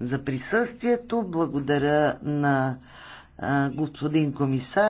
за присъствието. Благодаря на господин комисар.